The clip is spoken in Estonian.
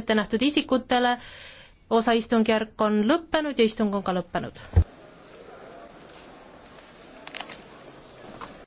ette nähtud isikutele. osaistungjärk on lõppenud ja istung on ka lõppenud.